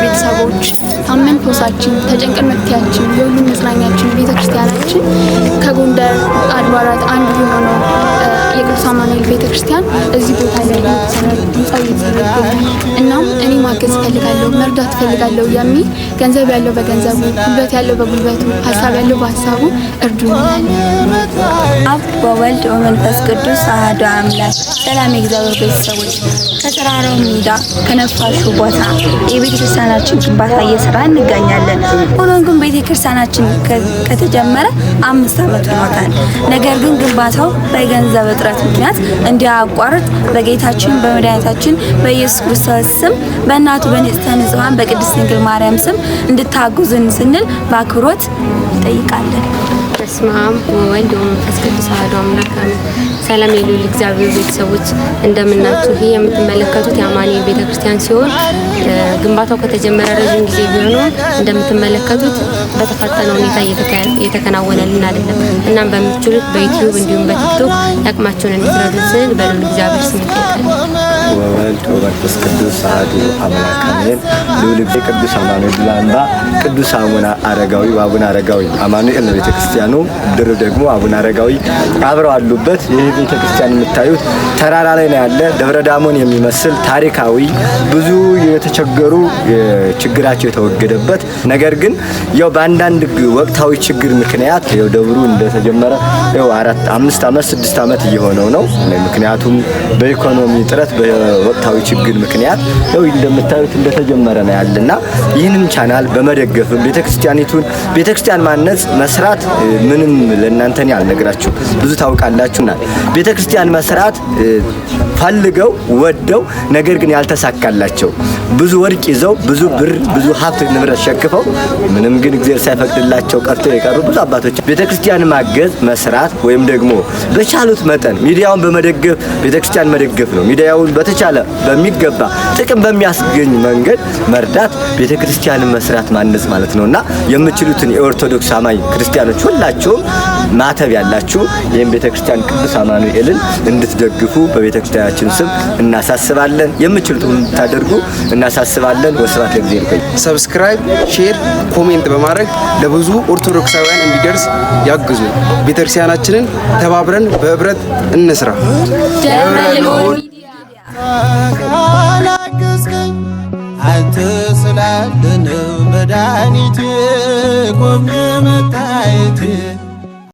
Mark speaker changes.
Speaker 1: ቤተሰቦች ታመን ፖሳችን ተጨንቀን መትያችን የሁሉም መጽናኛችን ቤተክርስቲያናችን ከጎንደር አድባራት አንዱ ሆነ የቅዱስ አማኑኤል ቤተክርስቲያን እዚህ ቦታ ላይ ህንፃው እናም እኔ ማገዝ እፈልጋለሁ፣ መርዳት ፈልጋለሁ የሚል ገንዘብ ያለው በገንዘቡ፣ ጉልበት ያለው በጉልበቱ፣ ሀሳብ ያለው በሀሳቡ እርዱ።
Speaker 2: አብ በወልድ በመንፈስ ቅዱስ አህዶ አምላክ። ሰላም የእግዚአብሔር ቤተሰቦች፣ ከተራራው ሜዳ ከነፋሹ ቦታ የቤተክርስቲያናችን ግንባታ እየሰራ እንገኛለን። ሆኖም ግን ቤተክርስቲያናችን ከተጀመረ አምስት ዓመት ሆኖታል። ነገር ግን ግንባታው በገንዘብ እጥረት እጥረት ምክንያት እንዲያቋርጥ በጌታችን በመድኃኒታችን በኢየሱስ ክርስቶስ ስም በእናቱ በንጽሕተ ንጹሐን በቅድስት ድንግል ማርያም ስም እንድታግዙን ስንል በአክብሮት እንጠይቃለን።
Speaker 3: በስመ አብ ወወልድ ወመንፈስ ቅዱስ አሐዱ አምላክ አሜን። ሰላም የሉል እግዚአብሔር ቤተሰቦች እንደምናችሁ። ይህ የምትመለከቱት የአማኑኤል ቤተክርስቲያን ሲሆን ግንባታው ከተጀመረ ረዥም ጊዜ ቢሆንም እንደምትመለከቱት በተፋጠነ ሁኔታ እየተከናወነልን አይደለም። እናም በምትችሉት በዩቲዩብ እንዲሁም በቲክቶክ ያቅማቸውን እንድትረዱ ስል በሉል እግዚአብሔር ስም
Speaker 4: ወወልድ ወመንፈስ ቅዱስ አሐዱ አምላክ አሜን። ልዑል ቅዱስ አማኑኤል ድላንባ ቅዱስ አቡነ አረጋዊ አቡነ አረጋዊ አማኑኤል ነው ቤተክርስቲያኑ ድር ደግሞ አቡነ አረጋዊ አብረው አሉበት። ይህ ቤተ ክርስቲያን የምታዩት ተራራ ላይ ነው ያለ ደብረ ዳሞን የሚመስል ታሪካዊ ብዙ የተቸገሩ ችግራቸው የተወገደበት ነገር ግን ያው በአንዳንድ ወቅታዊ ችግር ምክንያት ያው ደብሩ እንደተጀመረ ያው አራት አምስት ዓመት ስድስት ዓመት እየሆነው ነው። ምክንያቱም በኢኮኖሚ ጥረት በወቅታዊ ችግር ምክንያት ያው እንደምታዩት እንደተጀመረ ነው ያለና ይህንም ቻናል በመደገፍም ቤተክርስቲያኒቱን ቤተክርስቲያን ማነጽ መስራት ምንም ለእናንተ እኔ ብዙ ታውቃላችሁና ቤተክርስቲያን መስራት ፈልገው ወደው ነገር ግን ያልተሳካላቸው ብዙ ወርቅ ይዘው ብዙ ብር ብዙ ሀብት ንብረት ሸክፈው ምንም ግን እግዚአብሔር ሳይፈቅድላቸው ቀርቶ የቀሩ ብዙ አባቶች ቤተክርስቲያን ማገዝ መስራት ወይም ደግሞ በቻሉት መጠን ሚዲያውን በመደገፍ ቤተክርስቲያን መደገፍ ነው። ሚዲያውን በተቻለ በሚገባ ጥቅም በሚያስገኝ መንገድ መርዳት ቤተክርስቲያንን መስራት ማነጽ ማለት ነው እና የምችሉትን የኦርቶዶክስ አማኝ ክርስቲያኖች ሁላችሁም ማተብ ያላችሁ ይህም ቤተክርስቲያን ቅዱስ አማኑኤልን እንድትደግፉ በቤተክርስቲያን በመዳናችን ስም እናሳስባለን። የምችሉት ሁሉ እንድታደርጉ እናሳስባለን። ወስብሐት ለእግዚአብሔር ይቆይ። ሰብስክራይብ፣ ሼር፣ ኮሜንት በማድረግ ለብዙ ኦርቶዶክሳውያን እንዲደርስ ያግዙ። ቤተክርስቲያናችንን ተባብረን በህብረት እንስራ። ካላገዝከኝ አንተ ስላለህ መድኃኒቴ ቆሜ መታየቴ